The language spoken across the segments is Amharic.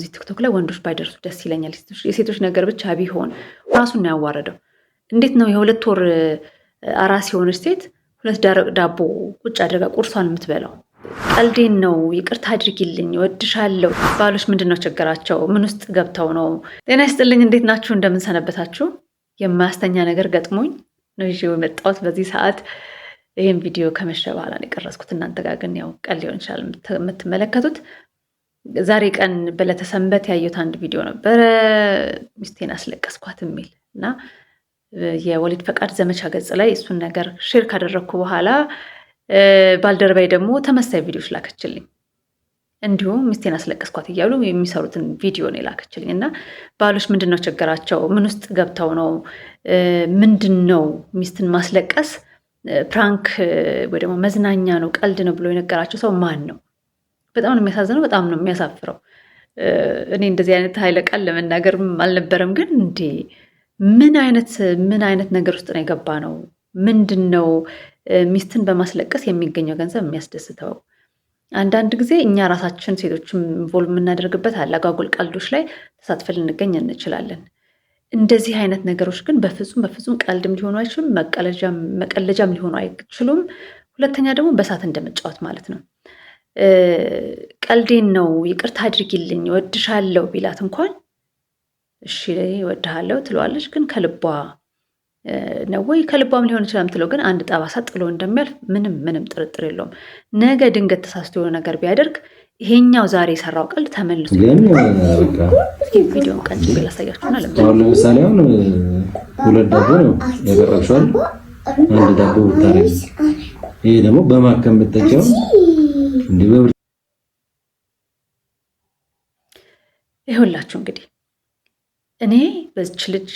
እዚህ ቲክቶክ ላይ ወንዶች ባይደርሱ ደስ ይለኛል። የሴቶች ነገር ብቻ ቢሆን ራሱን ነው ያዋረደው። እንዴት ነው የሁለት ወር አራስ የሆነች ሴት ሁለት ዳቦ ቁጭ አድርጋ ቁርሷን የምትበላው? ቀልዴን ነው፣ ይቅርታ አድርጊልኝ፣ ወድሻለሁ። ባሎች ምንድን ነው ችግራቸው? ምን ውስጥ ገብተው ነው? ጤና ይስጥልኝ፣ እንዴት ናችሁ? እንደምንሰነበታችሁ። የማያስተኛ ነገር ገጥሞኝ ነው ይዤው የመጣሁት በዚህ ሰዓት ይህም ቪዲዮ ከመሸ በኋላ ነው የቀረጽኩት። እናንተ ጋር ግን ያው ቀል ሊሆን ይችላል የምትመለከቱት። ዛሬ ቀን በለተሰንበት ያየሁት አንድ ቪዲዮ ነበረ ሚስቴን አስለቀስኳት የሚል እና የወሊድ ፈቃድ ዘመቻ ገጽ ላይ እሱን ነገር ሼር ካደረግኩ በኋላ ባልደረባይ ደግሞ ተመሳይ ቪዲዮች ላከችልኝ። እንዲሁም ሚስቴን አስለቀስኳት እያሉ የሚሰሩትን ቪዲዮ ነው የላከችልኝ እና ባሎች ምንድን ነው ችግራቸው? ምን ውስጥ ገብተው ነው? ምንድን ነው ሚስትን ማስለቀስ ፕራንክ ወይ ደግሞ መዝናኛ ነው ቀልድ ነው ብሎ የነገራቸው ሰው ማን ነው? በጣም ነው የሚያሳዝነው። በጣም ነው የሚያሳፍረው። እኔ እንደዚህ አይነት ኃይለ ቃል ለመናገር አልነበረም፣ ግን እንዴ ምን አይነት ምን አይነት ነገር ውስጥ ነው የገባ ነው? ምንድን ነው ሚስትን በማስለቀስ የሚገኘው ገንዘብ የሚያስደስተው? አንዳንድ ጊዜ እኛ ራሳችን ሴቶችን ኢንቮልቭ የምናደርግበት አላጓጉል ቀልዶች ላይ ተሳትፈ ልንገኝ እንችላለን። እንደዚህ አይነት ነገሮች ግን በፍጹም በፍጹም ቀልድም ሊሆኑ አይችሉም፣ መቀለጃም ሊሆኑ አይችሉም። ሁለተኛ ደግሞ በእሳት እንደመጫወት ማለት ነው። ቀልዴን ነው ይቅርታ አድርጊልኝ ወድሻለሁ ቢላት እንኳን እሺ ወድሃለሁ ትለዋለች። ግን ከልቧ ነው ወይ ከልቧም ሊሆን ይችላል የምትለው ግን አንድ ጠባሳ ጥሎ እንደሚያልፍ ምንም ምንም ጥርጥር የለውም። ነገ ድንገት ተሳስቶ የሆነ ነገር ቢያደርግ ይሄኛው ዛሬ የሰራው ቀልድ ተመልሶ ቪዲዮን ቀንጭ ላሳያችሁና ለምሳሌ አሁን ሁለት ዳቦ ነው ያቀረብሽዋል አንድ ዳቦ ብታረጊ ይሄ ደግሞ በማከም ብትጠጪው ይኸውላችሁ እንግዲህ እኔ በዚች ልጅ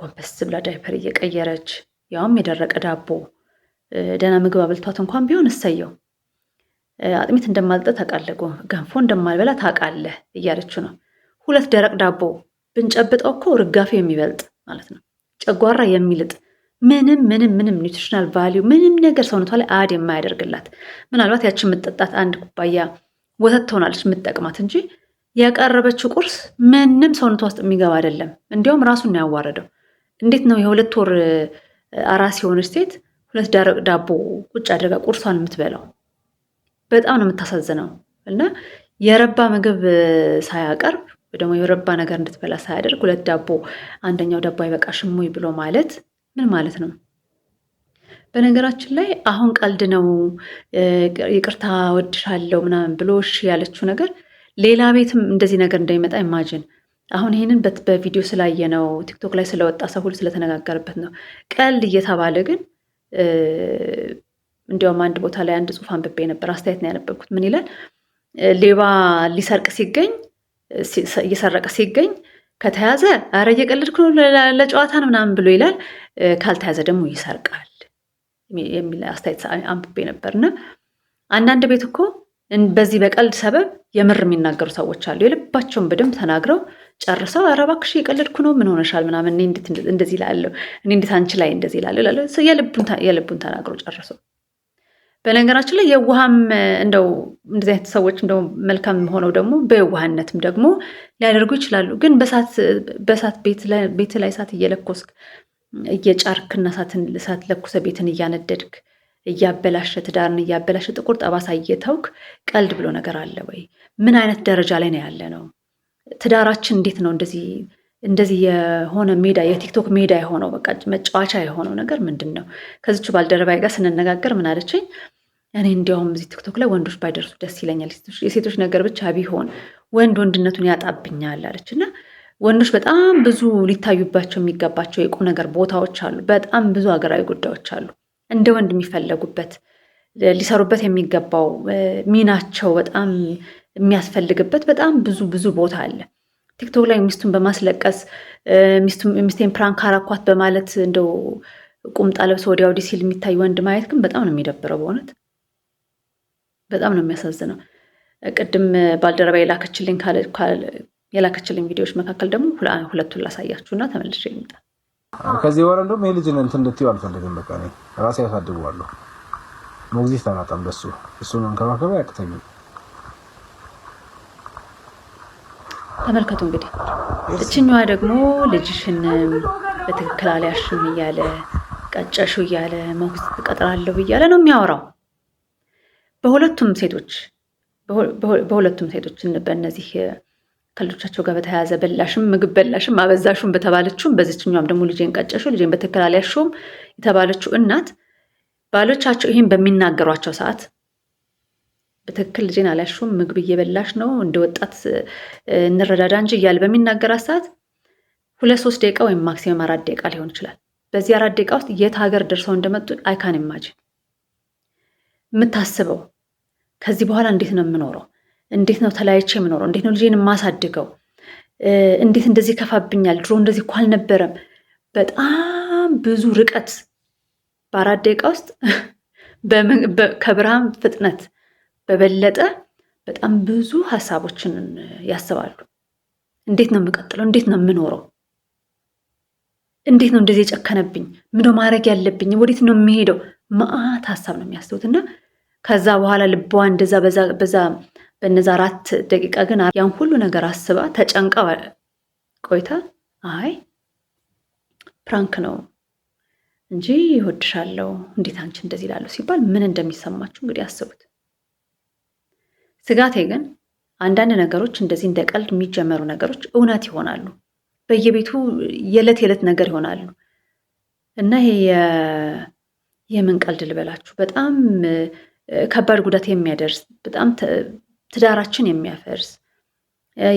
ጎንበስ ብላ ዳይፐር እየቀየረች ያውም የደረቀ ዳቦ ደህና ምግብ አብልቷት እንኳን ቢሆን እሰየው፣ አጥሚት እንደማልጠ ታውቃለህ፣ ገንፎ እንደማልበላ ታውቃለህ እያለችው ነው። ሁለት ደረቅ ዳቦ ብንጨብጠው እኮ ርጋፊ የሚበልጥ ማለት ነው፣ ጨጓራ የሚልጥ ምንም ምንም ምንም ኒውትሪሽናል ቫሊዩ ምንም ነገር ሰውነቷ ላይ አድ የማያደርግላት ምናልባት ያችን የምጠጣት አንድ ኩባያ ወተት ትሆናለች የምትጠቅማት እንጂ ያቀረበችው ቁርስ ምንም ሰውነቷ ውስጥ የሚገባ አይደለም። እንዲያውም ራሱን ነው ያዋረደው። እንዴት ነው የሁለት ወር አራስ የሆነች ሴት ሁለት ደረቅ ዳቦ ቁጭ አድርጋ ቁርሷን የምትበላው? በጣም ነው የምታሳዝነው። እና የረባ ምግብ ሳያቀርብ ደግሞ የረባ ነገር እንድትበላ ሳያደርግ ሁለት ዳቦ አንደኛው ዳቦ አይበቃሽም ወይ ብሎ ማለት ምን ማለት ነው? በነገራችን ላይ አሁን ቀልድ ነው ይቅርታ ወድሻለው ምናምን ብሎሽ ያለችው ነገር ሌላ ቤትም እንደዚህ ነገር እንደሚመጣ ኢማጅን አሁን ይህንን በቪዲዮ ስላየ ነው ቲክቶክ ላይ ስለወጣ ሰው ሁሉ ስለተነጋገርበት ነው። ቀልድ እየተባለ ግን እንዲያውም አንድ ቦታ ላይ አንድ ጽሑፍ አንብቤ ነበር፣ አስተያየት ነው ያነበብኩት። ምን ይላል? ሌባ ሊሰርቅ ሲገኝ እየሰረቀ ሲገኝ ከተያዘ ኧረ እየቀለድኩ ለጨዋታ ነው ምናምን ብሎ ይላል። ካልተያዘ ደግሞ ይሰርቃል የሚል አስተያየት አንብቤ ነበር። አንዳንድ ቤት እኮ በዚህ በቀልድ ሰበብ የምር የሚናገሩ ሰዎች አሉ። የልባቸውን በደንብ ተናግረው ጨርሰው ኧረ እባክሽ የቀለድኩ ነው ምን ሆነሻል ምናምን እንት እንደዚህ እኔ እንዴት አንቺ ላይ እንደዚህ እላለሁ የልቡን ተናግሮ ጨርሰው በነገራችን ላይ የውሃም እንደው እንደዚህ አይነት ሰዎች እንደው መልካም ሆነው ደግሞ በየዋህነትም ደግሞ ሊያደርጉ ይችላሉ። ግን በሳት ቤት ላይ እሳት እየለኮስክ እየጫርክና እሳት ለኩሰ ቤትን እያነደድክ እያበላሸ ትዳርን እያበላሸ ጥቁር ጠባሳ እየተውክ ቀልድ ብሎ ነገር አለ ወይ? ምን አይነት ደረጃ ላይ ነው ያለ ነው? ትዳራችን እንዴት ነው እንደዚህ እንደዚህ የሆነ ሜዳ የቲክቶክ ሜዳ የሆነው በቃ መጫወቻ የሆነው ነገር ምንድን ነው? ከዚች ባልደረባይ ጋር ስንነጋገር ምን አለችኝ? እኔ እንዲያውም እዚህ ቲክቶክ ላይ ወንዶች ባይደርሱ ደስ ይለኛል። የሴቶች ነገር ብቻ ቢሆን ወንድ ወንድነቱን ያጣብኛል አለች እና ወንዶች በጣም ብዙ ሊታዩባቸው የሚገባቸው የቁም ነገር ቦታዎች አሉ። በጣም ብዙ ሀገራዊ ጉዳዮች አሉ እንደ ወንድ የሚፈለጉበት ሊሰሩበት የሚገባው ሚናቸው በጣም የሚያስፈልግበት በጣም ብዙ ብዙ ቦታ አለ። ቲክቶክ ላይ ሚስቱን በማስለቀስ ሚስቴን ፕራንክ አራኳት በማለት እንደው ቁምጣ ለብሶ ወዲያ ወዲህ ሲል የሚታይ ወንድ ማየት ግን በጣም ነው የሚደብረው በእውነት። በጣም ነው የሚያሳዝነው። ቅድም ባልደረባ የላከችልኝ የላከችልኝ ቪዲዮዎች መካከል ደግሞ ሁለቱን ላሳያችሁና ተመልሼ ይምጣ። ከዚህ በኋላ እንደውም ይህ ልጅ እንትን እንድትይው አልፈልግም። በቃ እኔ ራሴ ያሳድገዋለሁ። ሞግዚት ተናጣም በሱ እሱ መንከባከብ አያቅተኝም። ተመልከቱ እንግዲህ እችኛዋ ደግሞ ልጅሽን በትክክል አልያሽም እያለ ቀጨሹ እያለ ሞግዚት ቀጥራለሁ እያለ ነው የሚያወራው። በሁለቱም ሴቶች በሁለቱም ሴቶች በእነዚህ ከልጆቻቸው ጋር በተያያዘ በላሽም ምግብ በላሽም አበዛሹም በተባለችውም በዚችኛም ደግሞ ልጄን ቀጨሽው ልጄን በትክክል የተባለችው እናት ባሎቻቸው ይህን በሚናገሯቸው ሰዓት በትክክል ልጄን አልያሽውም ምግብ እየበላሽ ነው እንደ ወጣት እንረዳዳ እንጂ እያለ በሚናገራት ሰዓት ሁለት ሶስት ደቂቃ ወይም ማክሲመም አራት ደቂቃ ሊሆን ይችላል። በዚህ አራት ደቂቃ ውስጥ የት ሀገር ደርሰው እንደመጡ አይካን ኢማጂን የምታስበው? ከዚህ በኋላ እንዴት ነው የምኖረው? እንዴት ነው ተለያይቼ የምኖረው? እንዴት ነው ልጄን የማሳድገው? እንዴት እንደዚህ ይከፋብኛል? ድሮ እንደዚህ እኮ አልነበረም። በጣም ብዙ ርቀት በአራት ደቂቃ ውስጥ ከብርሃን ፍጥነት በበለጠ በጣም ብዙ ሀሳቦችን ያስባሉ። እንዴት ነው የምቀጥለው? እንዴት ነው የምኖረው? እንዴት ነው እንደዚህ የጨከነብኝ? ምኖ ማድረግ ያለብኝ? ወዴት ነው የምሄደው? መዓት ሀሳብ ነው የሚያስተውት እና ከዛ በኋላ ልቧ እንደዛ በዛ በነዛ አራት ደቂቃ ግን ያን ሁሉ ነገር አስባ ተጨንቃ ቆይታ አይ ፕራንክ ነው እንጂ ይወድሻለው፣ እንዴት አንቺ እንደዚህ እላለሁ ሲባል ምን እንደሚሰማችሁ እንግዲህ አስቡት። ስጋቴ ግን አንዳንድ ነገሮች እንደዚህ እንደ ቀልድ የሚጀመሩ ነገሮች እውነት ይሆናሉ። በየቤቱ የዕለት የዕለት ነገር ይሆናሉ እና ይሄ የምን ቀልድ ልበላችሁ፣ በጣም ከባድ ጉዳት የሚያደርስ በጣም ትዳራችን የሚያፈርስ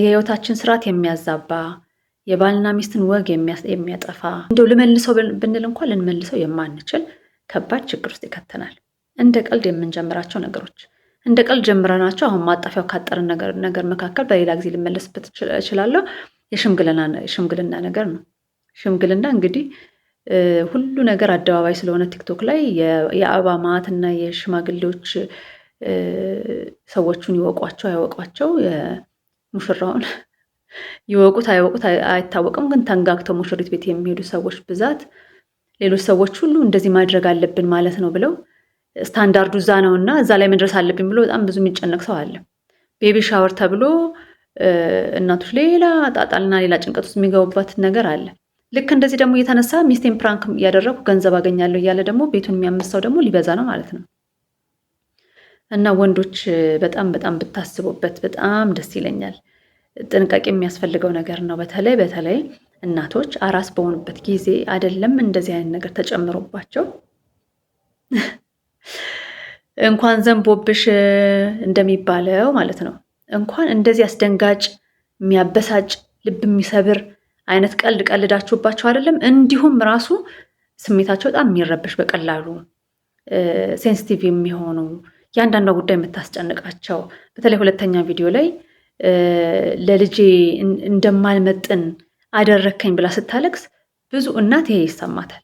የህይወታችን ስርዓት የሚያዛባ የባልና ሚስትን ወግ የሚያጠፋ እንደው ልመልሰው ብንል እንኳ ልንመልሰው የማንችል ከባድ ችግር ውስጥ ይከተናል። እንደ ቀልድ የምንጀምራቸው ነገሮች እንደ ቀልድ ጀምረናቸው አሁን ማጣፊያው ካጠረን ነገር መካከል በሌላ ጊዜ ልመለስበት እችላለሁ። የሽምግልና ነገር ነው። ሽምግልና እንግዲህ ሁሉ ነገር አደባባይ ስለሆነ ቲክቶክ ላይ የአበባ ማዕትና የሽማግሌዎች ሰዎቹን ይወቋቸው አይወቋቸው ሙሽራውን ይወቁት አይወቁት አይታወቅም። ግን ተንጋግተው ሙሽሪት ቤት የሚሄዱ ሰዎች ብዛት ሌሎች ሰዎች ሁሉ እንደዚህ ማድረግ አለብን ማለት ነው ብለው ስታንዳርዱ እዛ ነው እና እዛ ላይ መድረስ አለብን ብሎ በጣም ብዙ የሚጨነቅ ሰው አለ። ቤቢ ሻወር ተብሎ እናቶች ሌላ ጣጣልና ሌላ ጭንቀት ውስጥ የሚገቡበት ነገር አለ። ልክ እንደዚህ ደግሞ እየተነሳ ሚስቴን ፕራንክ እያደረጉ ገንዘብ አገኛለሁ እያለ ደግሞ ቤቱን የሚያመሳው ደግሞ ሊበዛ ነው ማለት ነው። እና ወንዶች በጣም በጣም ብታስቡበት በጣም ደስ ይለኛል። ጥንቃቄ የሚያስፈልገው ነገር ነው። በተለይ በተለይ እናቶች አራስ በሆኑበት ጊዜ አይደለም እንደዚህ አይነት ነገር ተጨምሮባቸው እንኳን ዘንቦብሽ እንደሚባለው ማለት ነው እንኳን እንደዚህ አስደንጋጭ የሚያበሳጭ ልብ የሚሰብር አይነት ቀልድ ቀልዳችሁባቸው አይደለም። እንዲሁም ራሱ ስሜታቸው በጣም የሚረበሽ በቀላሉ ሴንስቲቭ የሚሆኑ የአንዳንዷ ጉዳይ የምታስጨንቃቸው በተለይ ሁለተኛ ቪዲዮ ላይ ለልጄ እንደማልመጥን አደረከኝ ብላ ስታለቅስ ብዙ እናት ይሄ ይሰማታል።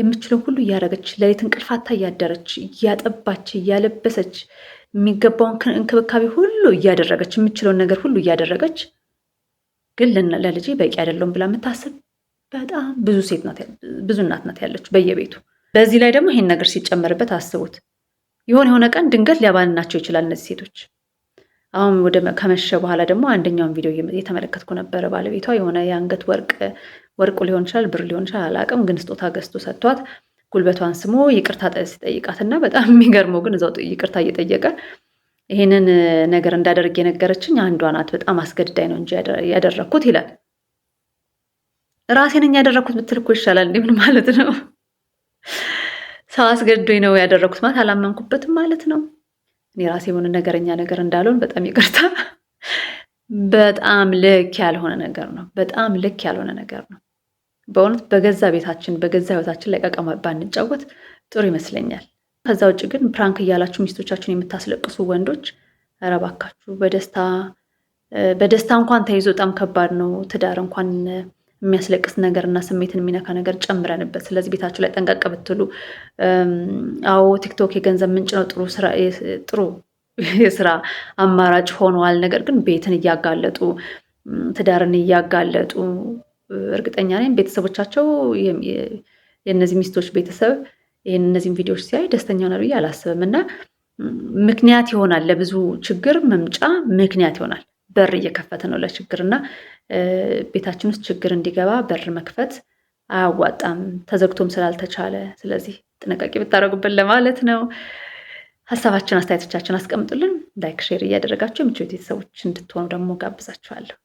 የምችለው ሁሉ እያደረገች ለሌት እንቅልፋታ እያደረች እያጠባች እያለበሰች የሚገባውን እንክብካቤ ሁሉ እያደረገች የምችለውን ነገር ሁሉ እያደረገች ግን ለልጅ በቂ አይደለውም ብላ የምታስብ በጣም ብዙ ሴት ናት፣ ብዙ እናት ናት ያለች በየቤቱ። በዚህ ላይ ደግሞ ይሄን ነገር ሲጨመርበት አስቡት፣ የሆነ የሆነ ቀን ድንገት ሊያባልናቸው ይችላል እነዚህ ሴቶች። አሁን ወደ ከመሸ በኋላ ደግሞ አንደኛውን ቪዲዮ እየተመለከትኩ ነበረ። ባለቤቷ የሆነ የአንገት ወርቅ ወርቁ ሊሆን ይችላል ብር ሊሆን ይችላል አላቅም ግን ስጦታ ገዝቶ ሰጥቷት ጉልበቷን ስሞ ይቅርታ እና በጣም የሚገርመው ግን እዛው ይቅርታ እየጠየቀ ይህንን ነገር እንዳደርግ የነገረችኝ አንዷ ናት። በጣም አስገድዳኝ ነው እንጂ ያደረግኩት ይላል። ራሴን ያደረግኩት ብትል እኮ ይሻላል። እንዲህ ማለት ነው? ሰው አስገድዶኝ ነው ያደረግኩት ማለት አላመንኩበትም ማለት ነው። እኔ ራሴ የሆነ ነገረኛ ነገር እንዳልሆን በጣም ይቅርታ። በጣም ልክ ያልሆነ ነገር ነው። በጣም ልክ ያልሆነ ነገር ነው። በእውነት በገዛ ቤታችን በገዛ ህይወታችን ላይ ቀቀማ ባንጫወት ጥሩ ይመስለኛል። ከዛ ውጭ ግን ፕራንክ እያላችሁ ሚስቶቻችሁን የምታስለቅሱ ወንዶች ረባካችሁ በደስታ በደስታ እንኳን ተይዞ በጣም ከባድ ነው። ትዳር እንኳን የሚያስለቅስ ነገር እና ስሜትን የሚነካ ነገር ጨምረንበት። ስለዚህ ቤታችሁ ላይ ጠንቀቅ ብትሉ። አዎ ቲክቶክ የገንዘብ ምንጭ ነው፣ ጥሩ የስራ አማራጭ ሆነዋል። ነገር ግን ቤትን እያጋለጡ ትዳርን እያጋለጡ እርግጠኛ ነኝ ቤተሰቦቻቸው የእነዚህ ሚስቶች ቤተሰብ ይህን እነዚህም ቪዲዮዎች ሲያይ ደስተኛ ሆነ ብዬ አላስብም። እና ምክንያት ይሆናል ለብዙ ችግር መምጫ ምክንያት ይሆናል። በር እየከፈተ ነው ለችግር እና ቤታችን ውስጥ ችግር እንዲገባ በር መክፈት አያዋጣም፣ ተዘግቶም ስላልተቻለ። ስለዚህ ጥንቃቄ ብታደረጉበት ለማለት ነው። ሀሳባችን አስተያየቶቻችን አስቀምጡልን። ላይክ ሼር እያደረጋቸው የምችት ቤተሰቦች እንድትሆኑ ደግሞ ጋብዛችኋለሁ።